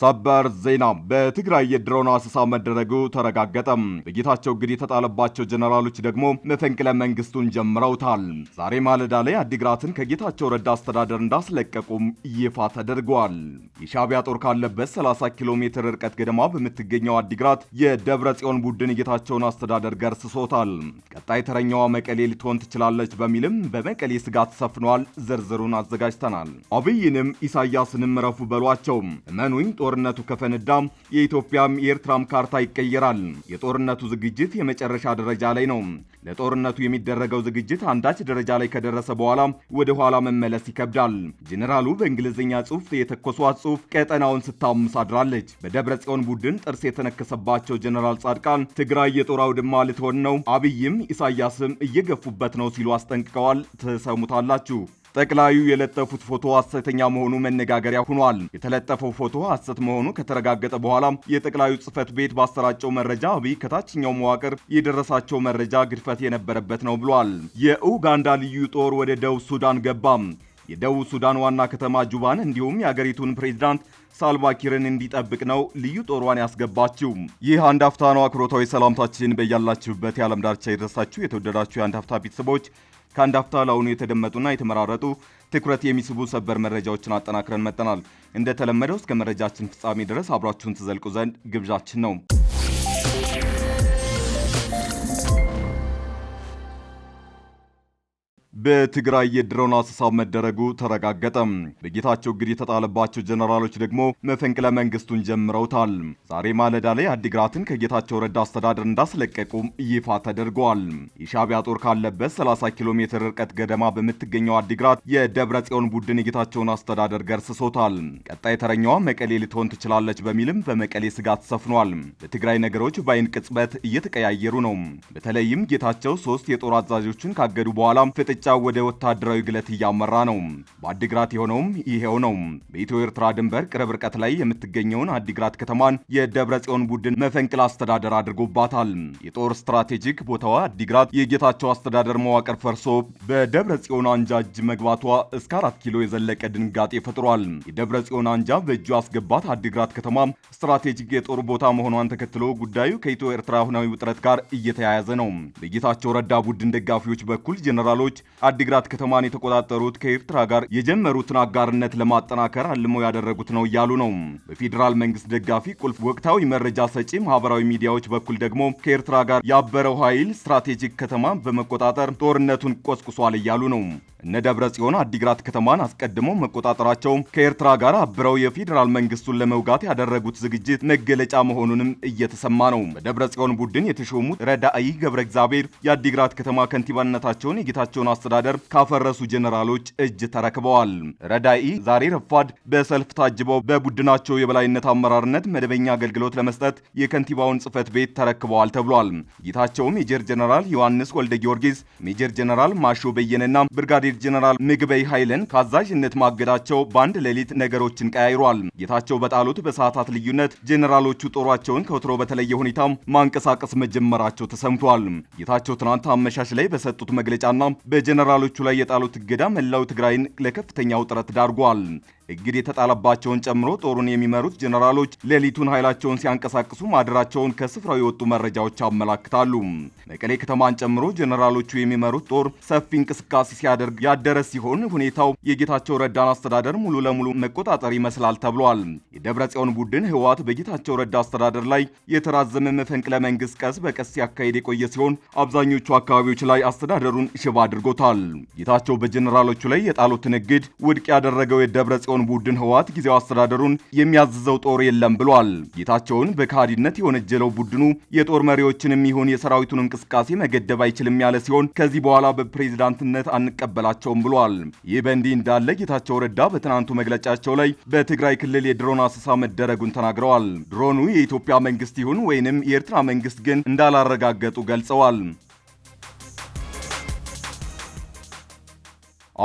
ሰበር ዜና በትግራይ የድሮን አሰሳ መደረጉ ተረጋገጠም። በጌታቸው ግድ የተጣለባቸው ጀነራሎች ደግሞ መፈንቅለ መንግስቱን ጀምረውታል። ዛሬ ማለዳ ላይ አዲግራትን ከጌታቸው ረዳ አስተዳደር እንዳስለቀቁም ይፋ ተደርጓል። የሻቢያ ጦር ካለበት 30 ኪሎ ሜትር ርቀት ገደማ በምትገኘው አዲግራት የደብረ ጽዮን ቡድን የጌታቸውን አስተዳደር ገርስሶታል። ቀጣይ ተረኛዋ መቀሌ ልትሆን ትችላለች በሚልም በመቀሌ ስጋት ሰፍኗል። ዝርዝሩን አዘጋጅተናል። አብይንም ኢሳያስንም ረፉ በሏቸው እመኑኝ ጦር ጦርነቱ ከፈነዳ የኢትዮጵያም የኤርትራም ካርታ ይቀየራል። የጦርነቱ ዝግጅት የመጨረሻ ደረጃ ላይ ነው። ለጦርነቱ የሚደረገው ዝግጅት አንዳች ደረጃ ላይ ከደረሰ በኋላ ወደ ኋላ መመለስ ይከብዳል። ጄኔራሉ በእንግሊዝኛ ጽሑፍ የተኮሷት ጽሑፍ ቀጠናውን ስታምስ አድራለች። በደብረ ጽዮን ቡድን ጥርስ የተነከሰባቸው ጄኔራል ጻድቃን ትግራይ የጦር አውድማ ልትሆን ነው፣ አብይም ኢሳያስም እየገፉበት ነው ሲሉ አስጠንቅቀዋል። ትሰሙታላችሁ። ጠቅላዩ የለጠፉት ፎቶ ሐሰተኛ መሆኑ መነጋገሪያ ሆኗል። የተለጠፈው ፎቶ ሐሰት መሆኑ ከተረጋገጠ በኋላ የጠቅላዩ ጽህፈት ቤት ባሰራጨው መረጃ አብይ ከታችኛው መዋቅር የደረሳቸው መረጃ ግድፈት የነበረበት ነው ብሏል። የኡጋንዳ ልዩ ጦር ወደ ደቡብ ሱዳን ገባም። የደቡብ ሱዳን ዋና ከተማ ጁባን እንዲሁም የአገሪቱን ፕሬዚዳንት ሳልቫኪርን እንዲጠብቅ ነው ልዩ ጦሯን ያስገባችው። ይህ አንድ አፍታ ነው። አክብሮታዊ ሰላምታችን በያላችሁበት የዓለም ዳርቻ የደረሳችሁ የተወደዳችሁ የአንድ አፍታ ቤተሰቦች ከአንድ አፍታ ለአሁኑ የተደመጡና የተመራረጡ ትኩረት የሚስቡ ሰበር መረጃዎችን አጠናክረን መጠናል። እንደተለመደው እስከ መረጃችን ፍጻሜ ድረስ አብራችሁን ትዘልቁ ዘንድ ግብዣችን ነው። በትግራይ የድሮን አሰሳ መደረጉ ተረጋገጠ። በጌታቸው እግድ የተጣለባቸው ጀነራሎች ደግሞ መፈንቅለ መንግስቱን ጀምረውታል። ዛሬ ማለዳ ላይ አዲግራትን ከጌታቸው ረዳ አስተዳደር እንዳስለቀቁ ይፋ ተደርገዋል። የሻቢያ ጦር ካለበት 30 ኪሎ ሜትር ርቀት ገደማ በምትገኘው አዲግራት የደብረ ጽዮን ቡድን የጌታቸውን አስተዳደር ገርስሶታል። ቀጣይ ተረኛዋ መቀሌ ልትሆን ትችላለች በሚልም በመቀሌ ስጋት ሰፍኗል። በትግራይ ነገሮች በአይን ቅጽበት እየተቀያየሩ ነው። በተለይም ጌታቸው ሶስት የጦር አዛዦችን ካገዱ በኋላ ፍጥጫ ወደ ወታደራዊ ግለት እያመራ ነው። በአዲግራት የሆነውም ይሄው ነው። በኢትዮ ኤርትራ ድንበር ቅርብ ርቀት ላይ የምትገኘውን አዲግራት ከተማን የደብረ ጽዮን ቡድን መፈንቅል አስተዳደር አድርጎባታል። የጦር ስትራቴጂክ ቦታዋ አዲግራት የጌታቸው አስተዳደር መዋቅር ፈርሶ በደብረ ጽዮን አንጃ እጅ መግባቷ እስከ አራት ኪሎ የዘለቀ ድንጋጤ ፈጥሯል። የደብረ ጽዮን አንጃ በእጁ አስገባት አዲግራት ከተማ ስትራቴጂክ የጦር ቦታ መሆኗን ተከትሎ ጉዳዩ ከኢትዮ ኤርትራ አሁናዊ ውጥረት ጋር እየተያያዘ ነው። በጌታቸው ረዳ ቡድን ደጋፊዎች በኩል ጄኔራሎች አዲግራት ከተማን የተቆጣጠሩት ከኤርትራ ጋር የጀመሩትን አጋርነት ለማጠናከር አልመው ያደረጉት ነው እያሉ ነው። በፌዴራል መንግስት ደጋፊ ቁልፍ ወቅታዊ መረጃ ሰጪ ማህበራዊ ሚዲያዎች በኩል ደግሞ ከኤርትራ ጋር ያበረው ኃይል ስትራቴጂክ ከተማ በመቆጣጠር ጦርነቱን ቆስቁሷል እያሉ ነው። እነ ደብረ ጽዮን አዲግራት ከተማን አስቀድመው መቆጣጠራቸው ከኤርትራ ጋር አብረው የፌዴራል መንግስቱን ለመውጋት ያደረጉት ዝግጅት መገለጫ መሆኑንም እየተሰማ ነው። በደብረ ጽዮን ቡድን የተሾሙት ረዳአይ ገብረ እግዚአብሔር የአዲግራት ከተማ ከንቲባነታቸውን የጌታቸውን አስተዳደር ካፈረሱ ጀኔራሎች እጅ ተረክበዋል። ረዳኢ ዛሬ ረፋድ በሰልፍ ታጅበው በቡድናቸው የበላይነት አመራርነት መደበኛ አገልግሎት ለመስጠት የከንቲባውን ጽህፈት ቤት ተረክበዋል ተብሏል። ጌታቸው ሜጀር ጀነራል ዮሐንስ ወልደ ጊዮርጊስ፣ ሜጀር ጀነራል ማሾ በየነና ብርጋዴ ብርጋዴር ጀነራል ምግበይ ኃይልን ከአዛዥነት ማገዳቸው በአንድ ሌሊት ነገሮችን ቀያይሯል። ጌታቸው በጣሉት በሰዓታት ልዩነት ጄኔራሎቹ ጦሯቸውን ከወትሮ በተለየ ሁኔታ ማንቀሳቀስ መጀመራቸው ተሰምቷል። ጌታቸው ትናንት አመሻሽ ላይ በሰጡት መግለጫና በጄኔራሎቹ ላይ የጣሉት እገዳ መላው ትግራይን ለከፍተኛ ውጥረት ዳርጓል። እግድ የተጣለባቸውን ጨምሮ ጦሩን የሚመሩት ጀነራሎች ሌሊቱን ኃይላቸውን ሲያንቀሳቅሱ ማደራቸውን ከስፍራው የወጡ መረጃዎች አመላክታሉ። መቀሌ ከተማን ጨምሮ ጀነራሎቹ የሚመሩት ጦር ሰፊ እንቅስቃሴ ሲያደርግ ያደረ ሲሆን ሁኔታው የጌታቸው ረዳን አስተዳደር ሙሉ ለሙሉ መቆጣጠር ይመስላል ተብሏል። የደብረ ጽዮን ቡድን ህወሓት በጌታቸው ረዳ አስተዳደር ላይ የተራዘመ መፈንቅለ መንግስት ቀስ በቀስ ሲያካሄድ የቆየ ሲሆን አብዛኞቹ አካባቢዎች ላይ አስተዳደሩን ሽባ አድርጎታል። ጌታቸው በጀኔራሎቹ ላይ የጣሉትን እግድ ውድቅ ያደረገው የደብረ ጽዮን የአሁን ቡድን ህወሓት ጊዜው አስተዳደሩን የሚያዝዘው ጦር የለም ብሏል። ጌታቸውን በካሃዲነት የወነጀለው ቡድኑ የጦር መሪዎችንም ይሁን የሰራዊቱን እንቅስቃሴ መገደብ አይችልም ያለ ሲሆን ከዚህ በኋላ በፕሬዝዳንትነት አንቀበላቸውም ብሏል። ይህ በእንዲህ እንዳለ ጌታቸው ረዳ በትናንቱ መግለጫቸው ላይ በትግራይ ክልል የድሮን አሰሳ መደረጉን ተናግረዋል። ድሮኑ የኢትዮጵያ መንግስት ይሁን ወይንም የኤርትራ መንግስት ግን እንዳላረጋገጡ ገልጸዋል።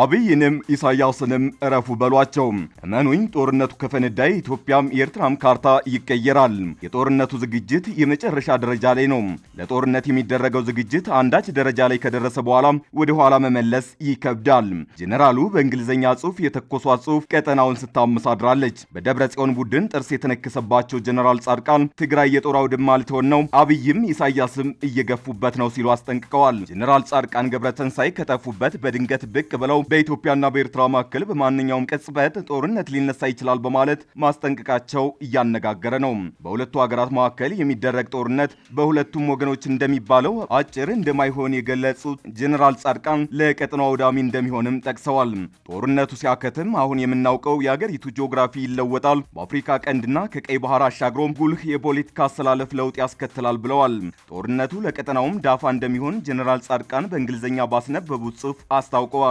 አብይንም ኢሳያስንም እረፉ በሏቸው። እመኑኝ ጦርነቱ ከፈነዳ ኢትዮጵያም የኤርትራም ካርታ ይቀየራል። የጦርነቱ ዝግጅት የመጨረሻ ደረጃ ላይ ነው። ለጦርነት የሚደረገው ዝግጅት አንዳች ደረጃ ላይ ከደረሰ በኋላ ወደ ኋላ መመለስ ይከብዳል። ጄኔራሉ በእንግሊዝኛ ጽሑፍ የተኮሷ ጽሑፍ ቀጠናውን ስታምስ አድራለች። በደብረ ጽዮን ቡድን ጥርስ የተነከሰባቸው ጄኔራል ጻድቃን ትግራይ የጦር አውድማ ልትሆን ነው፣ አብይም ኢሳያስም እየገፉበት ነው ሲሉ አስጠንቅቀዋል። ጄኔራል ጻድቃን ገብረተንሳይ ከጠፉበት በድንገት ብቅ ብለው በኢትዮጵያና በኤርትራ መካከል በማንኛውም ቅጽበት ጦርነት ሊነሳ ይችላል በማለት ማስጠንቀቃቸው እያነጋገረ ነው። በሁለቱ ሀገራት መካከል የሚደረግ ጦርነት በሁለቱም ወገኖች እንደሚባለው አጭር እንደማይሆን የገለጹት ጀኔራል ጻድቃን ለቀጠናው አውዳሚ እንደሚሆንም ጠቅሰዋል። ጦርነቱ ሲያከትም አሁን የምናውቀው የአገሪቱ ጂኦግራፊ ይለወጣል፣ በአፍሪካ ቀንድና ከቀይ ባህር አሻግሮም ጉልህ የፖለቲካ አሰላለፍ ለውጥ ያስከትላል ብለዋል። ጦርነቱ ለቀጠናውም ዳፋ እንደሚሆን ጀኔራል ጻድቃን በእንግሊዝኛ ባስነበቡት ጽሑፍ አስታውቀዋል።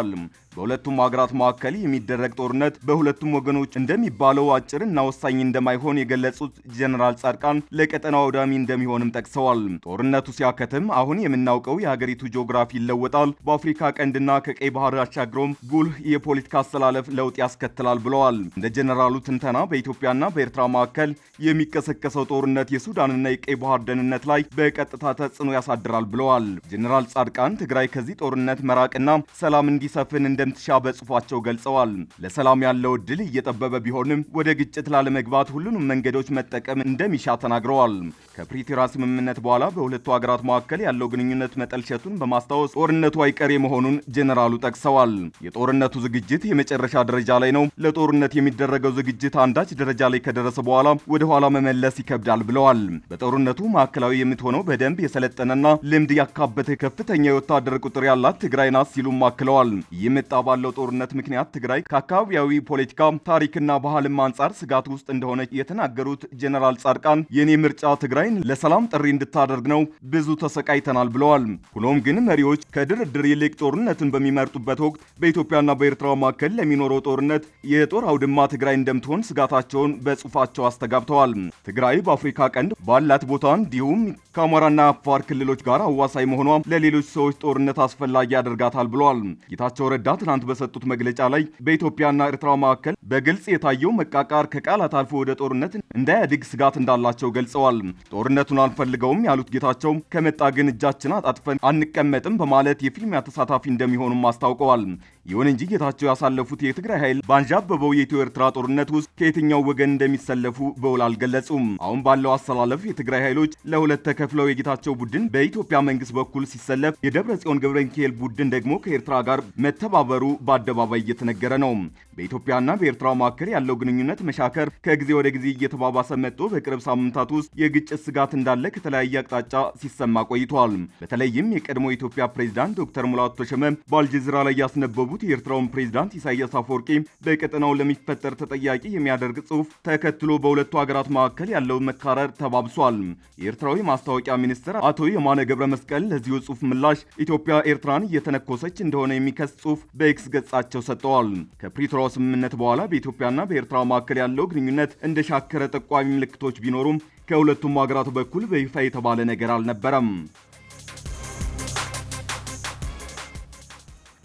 በሁለቱም ሀገራት መካከል የሚደረግ ጦርነት በሁለቱም ወገኖች እንደሚባለው አጭርና ወሳኝ እንደማይሆን የገለጹት ጀነራል ጻድቃን ለቀጠናው አውዳሚ እንደሚሆንም ጠቅሰዋል። ጦርነቱ ሲያከትም አሁን የምናውቀው የሀገሪቱ ጂኦግራፊ ይለወጣል፣ በአፍሪካ ቀንድና ከቀይ ባህር አሻግሮም ጉልህ የፖለቲካ አስተላለፍ ለውጥ ያስከትላል ብለዋል። እንደ ጀነራሉ ትንተና በኢትዮጵያና በኤርትራ መካከል የሚቀሰቀሰው ጦርነት የሱዳንና የቀይ ባህር ደህንነት ላይ በቀጥታ ተጽዕኖ ያሳድራል ብለዋል። ጀነራል ጻድቃን ትግራይ ከዚህ ጦርነት መራቅና ሰላም እንዲሰፍን እንደ እንደምትሻ በጽሁፋቸው ገልጸዋል። ለሰላም ያለው እድል እየጠበበ ቢሆንም ወደ ግጭት ላለመግባት ሁሉንም መንገዶች መጠቀም እንደሚሻ ተናግረዋል። ከፕሪቶሪያ ስምምነት በኋላ በሁለቱ ሀገራት መካከል ያለው ግንኙነት መጠልሸቱን በማስታወስ ጦርነቱ አይቀሬ መሆኑን ጄኔራሉ ጠቅሰዋል። የጦርነቱ ዝግጅት የመጨረሻ ደረጃ ላይ ነው። ለጦርነት የሚደረገው ዝግጅት አንዳች ደረጃ ላይ ከደረሰ በኋላ ወደ ኋላ መመለስ ይከብዳል ብለዋል። በጦርነቱ ማዕከላዊ የምትሆነው በደንብ የሰለጠነና ልምድ ያካበተ ከፍተኛ የወታደር ቁጥር ያላት ትግራይ ናት ሲሉም አክለዋል። ይህ እየወጣ ባለው ጦርነት ምክንያት ትግራይ ከአካባቢያዊ ፖለቲካ ታሪክና ባህልም አንጻር ስጋት ውስጥ እንደሆነ የተናገሩት ጀነራል ጻድቃን የኔ ምርጫ ትግራይን ለሰላም ጥሪ እንድታደርግ ነው፣ ብዙ ተሰቃይተናል ብለዋል። ሆኖም ግን መሪዎች ከድርድር ይልቅ ጦርነትን በሚመርጡበት ወቅት በኢትዮጵያና በኤርትራ መካከል ለሚኖረው ጦርነት የጦር አውድማ ትግራይ እንደምትሆን ስጋታቸውን በጽሁፋቸው አስተጋብተዋል። ትግራይ በአፍሪካ ቀንድ ባላት ቦታ እንዲሁም ከአማራና አፋር ክልሎች ጋር አዋሳኝ መሆኗ ለሌሎች ሰዎች ጦርነት አስፈላጊ ያደርጋታል ብለዋል። ጌታቸው ረዳ ትናንት በሰጡት መግለጫ ላይ በኢትዮጵያና ኤርትራ መካከል በግልጽ የታየው መቃቃር ከቃላት አልፎ ወደ ጦርነት እንዳያድግ ስጋት እንዳላቸው ገልጸዋል። ጦርነቱን አንፈልገውም ያሉት ጌታቸው ከመጣ ግን እጃችን አጣጥፈን አንቀመጥም በማለት የፊልሚያ ተሳታፊ እንደሚሆኑም አስታውቀዋል። ይሁን እንጂ ጌታቸው ያሳለፉት የትግራይ ኃይል ባንዣበበው የኢትዮ ኤርትራ ጦርነት ውስጥ ከየትኛው ወገን እንደሚሰለፉ በውል አልገለጹም። አሁን ባለው አሰላለፍ የትግራይ ኃይሎች ለሁለት ተከፍለው የጌታቸው ቡድን በኢትዮጵያ መንግስት በኩል ሲሰለፍ፣ የደብረ ጽዮን ገብረ ሚካኤል ቡድን ደግሞ ከኤርትራ ጋር መተባበር መዳበሩ በአደባባይ እየተነገረ ነው። በኢትዮጵያና በኤርትራ መካከል ያለው ግንኙነት መሻከር ከጊዜ ወደ ጊዜ እየተባባሰ መጥቶ በቅርብ ሳምንታት ውስጥ የግጭት ስጋት እንዳለ ከተለያየ አቅጣጫ ሲሰማ ቆይቷል። በተለይም የቀድሞ ኢትዮጵያ ፕሬዚዳንት ዶክተር ሙላቱ ተሾመ በአልጀዚራ ላይ ያስነበቡት የኤርትራውን ፕሬዚዳንት ኢሳያስ አፈወርቂ በቀጠናው ለሚፈጠር ተጠያቂ የሚያደርግ ጽሑፍ ተከትሎ በሁለቱ ሀገራት መካከል ያለው መካረር ተባብሷል። የኤርትራዊ ማስታወቂያ ሚኒስትር አቶ የማነ ገብረ መስቀል ለዚሁ ጽሑፍ ምላሽ ኢትዮጵያ ኤርትራን እየተነኮሰች እንደሆነ የሚከስ ጽሑፍ በኤክስ ገጻቸው ሰጥተዋል። ከፕሪቶሪያው ስምምነት በኋላ በኢትዮጵያና በኤርትራ መካከል ያለው ግንኙነት እንደሻከረ ጠቋሚ ምልክቶች ቢኖሩም ከሁለቱም ሀገራት በኩል በይፋ የተባለ ነገር አልነበረም።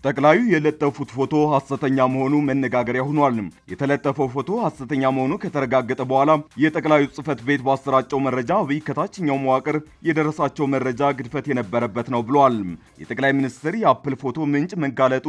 ጠቅላዩ የለጠፉት ፎቶ ሐሰተኛ መሆኑ መነጋገሪያ ሆኗል። የተለጠፈው ፎቶ ሐሰተኛ መሆኑ ከተረጋገጠ በኋላ የጠቅላዩ ጽህፈት ቤት ባሰራጨው መረጃ አብይ ከታችኛው መዋቅር የደረሳቸው መረጃ ግድፈት የነበረበት ነው ብሏል። የጠቅላይ ሚኒስትር የአፕል ፎቶ ምንጭ መጋለጡ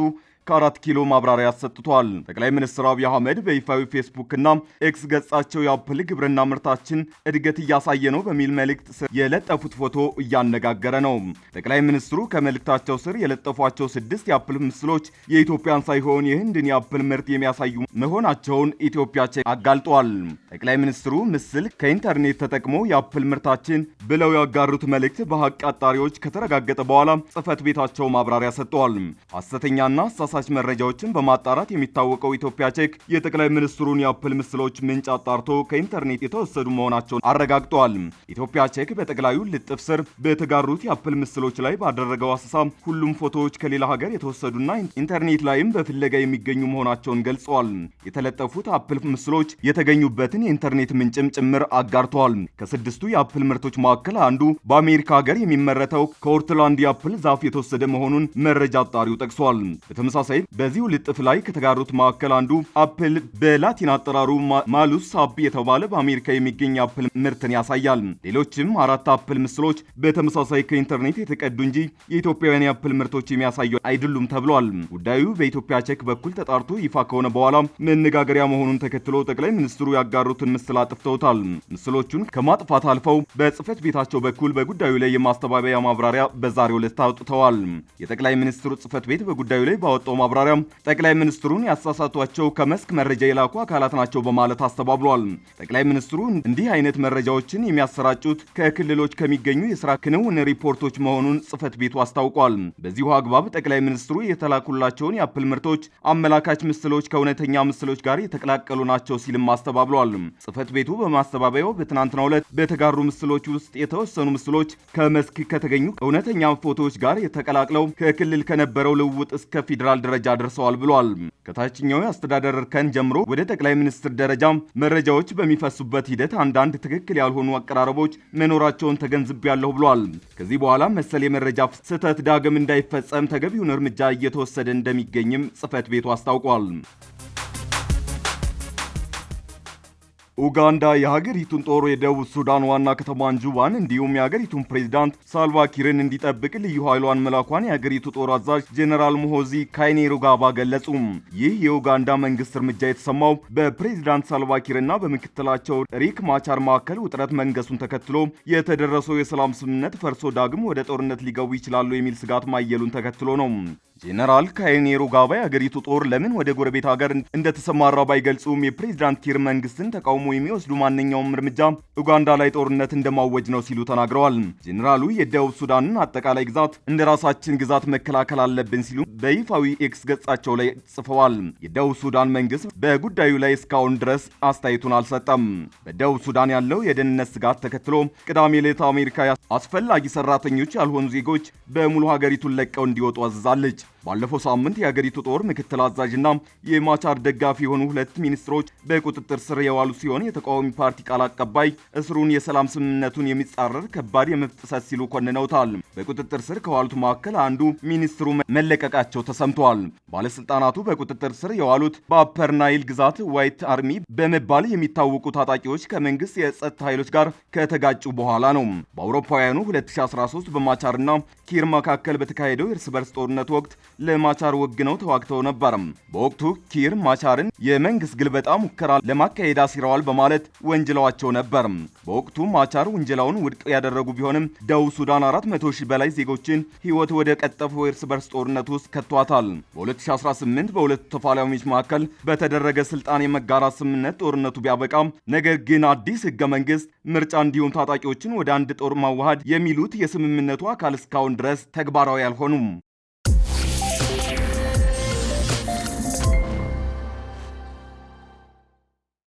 ከአራት ኪሎ ማብራሪያ ሰጥቷል። ጠቅላይ ሚኒስትር አብይ አህመድ በይፋዊ ፌስቡክና ኤክስ ገጻቸው የአፕል ግብርና ምርታችን እድገት እያሳየ ነው በሚል መልእክት ስር የለጠፉት ፎቶ እያነጋገረ ነው። ጠቅላይ ሚኒስትሩ ከመልእክታቸው ስር የለጠፏቸው ስድስት የአፕል ምስሎች የኢትዮጵያን ሳይሆን የህንድን የአፕል ምርት የሚያሳዩ መሆናቸውን ኢትዮጵያ ቼክ አጋልጧል። ጠቅላይ ሚኒስትሩ ምስል ከኢንተርኔት ተጠቅሞ የአፕል ምርታችን ብለው ያጋሩት መልእክት በሀቅ አጣሪዎች ከተረጋገጠ በኋላ ጽህፈት ቤታቸው ማብራሪያ ሰጥተዋል። ሐሰተኛና አሳሳች መረጃዎችን በማጣራት የሚታወቀው ኢትዮጵያ ቼክ የጠቅላይ ሚኒስትሩን የአፕል ምስሎች ምንጭ አጣርቶ ከኢንተርኔት የተወሰዱ መሆናቸውን አረጋግጠዋል። ኢትዮጵያ ቼክ በጠቅላዩ ልጥፍ ስር በተጋሩት የአፕል ምስሎች ላይ ባደረገው አሰሳ ሁሉም ፎቶዎች ከሌላ ሀገር የተወሰዱና ኢንተርኔት ላይም በፍለጋ የሚገኙ መሆናቸውን ገልጸዋል። የተለጠፉት አፕል ምስሎች የተገኙበትን መረጃዎችን የኢንተርኔት ምንጭም ጭምር አጋርተዋል። ከስድስቱ የአፕል ምርቶች መካከል አንዱ በአሜሪካ ሀገር የሚመረተው ከኦርትላንድ የአፕል ዛፍ የተወሰደ መሆኑን መረጃ አጣሪው ጠቅሷል። በተመሳሳይ በዚሁ ልጥፍ ላይ ከተጋሩት መካከል አንዱ አፕል በላቲን አጠራሩ ማሉስ አፕ የተባለ በአሜሪካ የሚገኝ አፕል ምርትን ያሳያል። ሌሎችም አራት አፕል ምስሎች በተመሳሳይ ከኢንተርኔት የተቀዱ እንጂ የኢትዮጵያውያን የአፕል ምርቶች የሚያሳዩ አይደሉም ተብሏል። ጉዳዩ በኢትዮጵያ ቼክ በኩል ተጣርቶ ይፋ ከሆነ በኋላ መነጋገሪያ መሆኑን ተከትሎ ጠቅላይ ሚኒስትሩ ያጋሩ የሰሩትን ምስል አጥፍተውታል። ምስሎቹን ከማጥፋት አልፈው በጽህፈት ቤታቸው በኩል በጉዳዩ ላይ የማስተባበያ ማብራሪያ በዛሬው ዕለት አውጥተዋል። የጠቅላይ ሚኒስትሩ ጽህፈት ቤት በጉዳዩ ላይ ባወጣው ማብራሪያ ጠቅላይ ሚኒስትሩን ያሳሳቷቸው ከመስክ መረጃ የላኩ አካላት ናቸው በማለት አስተባብሏል። ጠቅላይ ሚኒስትሩ እንዲህ አይነት መረጃዎችን የሚያሰራጩት ከክልሎች ከሚገኙ የስራ ክንውን ሪፖርቶች መሆኑን ጽህፈት ቤቱ አስታውቋል። በዚሁ አግባብ ጠቅላይ ሚኒስትሩ የተላኩላቸውን የአፕል ምርቶች አመላካች ምስሎች ከእውነተኛ ምስሎች ጋር የተቀላቀሉ ናቸው ሲልም አስተባብሏል። ጽህፈት ቤቱ በማስተባበያው በትናንትናው ዕለት በተጋሩ ምስሎች ውስጥ የተወሰኑ ምስሎች ከመስክ ከተገኙ እውነተኛ ፎቶዎች ጋር የተቀላቅለው ከክልል ከነበረው ልውውጥ እስከ ፌዴራል ደረጃ ደርሰዋል ብሏል። ከታችኛው የአስተዳደር እርከን ጀምሮ ወደ ጠቅላይ ሚኒስትር ደረጃ መረጃዎች በሚፈሱበት ሂደት አንዳንድ ትክክል ያልሆኑ አቀራረቦች መኖራቸውን ተገንዝቤያለሁ ብሏል። ከዚህ በኋላ መሰል የመረጃ ስህተት ዳግም እንዳይፈጸም ተገቢውን እርምጃ እየተወሰደ እንደሚገኝም ጽህፈት ቤቱ አስታውቋል። ኡጋንዳ የሀገሪቱን ጦር የደቡብ ሱዳን ዋና ከተማን ጁባን እንዲሁም የሀገሪቱን ፕሬዚዳንት ሳልቫኪርን እንዲጠብቅ ልዩ ኃይሏን መላኳን የሀገሪቱ ጦር አዛዥ ጄኔራል ሞሆዚ ካይኔሩጋባ ገለጹ። ይህ የኡጋንዳ መንግስት እርምጃ የተሰማው በፕሬዚዳንት ሳልቫኪርና በምክትላቸው ሪክ ማቻር መካከል ውጥረት መንገሱን ተከትሎ የተደረሰው የሰላም ስምምነት ፈርሶ ዳግም ወደ ጦርነት ሊገቡ ይችላሉ የሚል ስጋት ማየሉን ተከትሎ ነው። ጄኔራል ካይኔ ጋባ የአገሪቱ ጦር ለምን ወደ ጎረቤት ሀገር እንደተሰማራ ባይገልጹም የፕሬዚዳንት ኪር መንግስትን ተቃውሞ የሚወስዱ ማንኛውም እርምጃ ኡጋንዳ ላይ ጦርነት እንደማወጅ ነው ሲሉ ተናግረዋል። ጄኔራሉ የደቡብ ሱዳንን አጠቃላይ ግዛት እንደ ራሳችን ግዛት መከላከል አለብን ሲሉ በይፋዊ ኤክስ ገጻቸው ላይ ጽፈዋል። የደቡብ ሱዳን መንግስት በጉዳዩ ላይ እስካሁን ድረስ አስተያየቱን አልሰጠም። በደቡብ ሱዳን ያለው የደህንነት ስጋት ተከትሎ ቅዳሜ ሌት አሜሪካ አስፈላጊ ሰራተኞች ያልሆኑ ዜጎች በሙሉ ሀገሪቱን ለቀው እንዲወጡ አዝዛለች። ባለፈው ሳምንት የሀገሪቱ ጦር ምክትል አዛዥና የማቻር ደጋፊ የሆኑ ሁለት ሚኒስትሮች በቁጥጥር ስር የዋሉ ሲሆን የተቃዋሚ ፓርቲ ቃል አቀባይ እስሩን የሰላም ስምምነቱን የሚጻረር ከባድ የመብት ጥሰት ሲሉ ኮንነውታል። በቁጥጥር ስር ከዋሉት መካከል አንዱ ሚኒስትሩ መለቀቃቸው ተሰምተዋል። ባለስልጣናቱ በቁጥጥር ስር የዋሉት በአፐር ናይል ግዛት ዋይት አርሚ በመባል የሚታወቁ ታጣቂዎች ከመንግስት የጸጥታ ኃይሎች ጋር ከተጋጩ በኋላ ነው። በአውሮፓውያኑ 2013 በማቻርና ኪር መካከል በተካሄደው የእርስ በርስ ጦርነት ወቅት ለማቻር ወግነው ተዋግተው ነበር። በወቅቱ ኪር ማቻርን የመንግስት ግልበጣ ሙከራ ለማካሄድ አሲረዋል በማለት ወንጅለዋቸው ነበር። በወቅቱ ማቻር ውንጀላውን ውድቅ ያደረጉ ቢሆንም ደቡብ ሱዳን 400 ሺህ በላይ ዜጎችን ህይወት ወደ ቀጠፈው የእርስ በርስ ጦርነት ውስጥ ከቷታል። በ2018 በሁለቱ ተፋላሚዎች መካከል በተደረገ ስልጣን የመጋራት ስምምነት ጦርነቱ ቢያበቃም ነገር ግን አዲስ ህገ መንግስት፣ ምርጫ እንዲሁም ታጣቂዎችን ወደ አንድ ጦር ማዋሃድ የሚሉት የስምምነቱ አካል እስካሁን ድረስ ተግባራዊ አልሆኑም።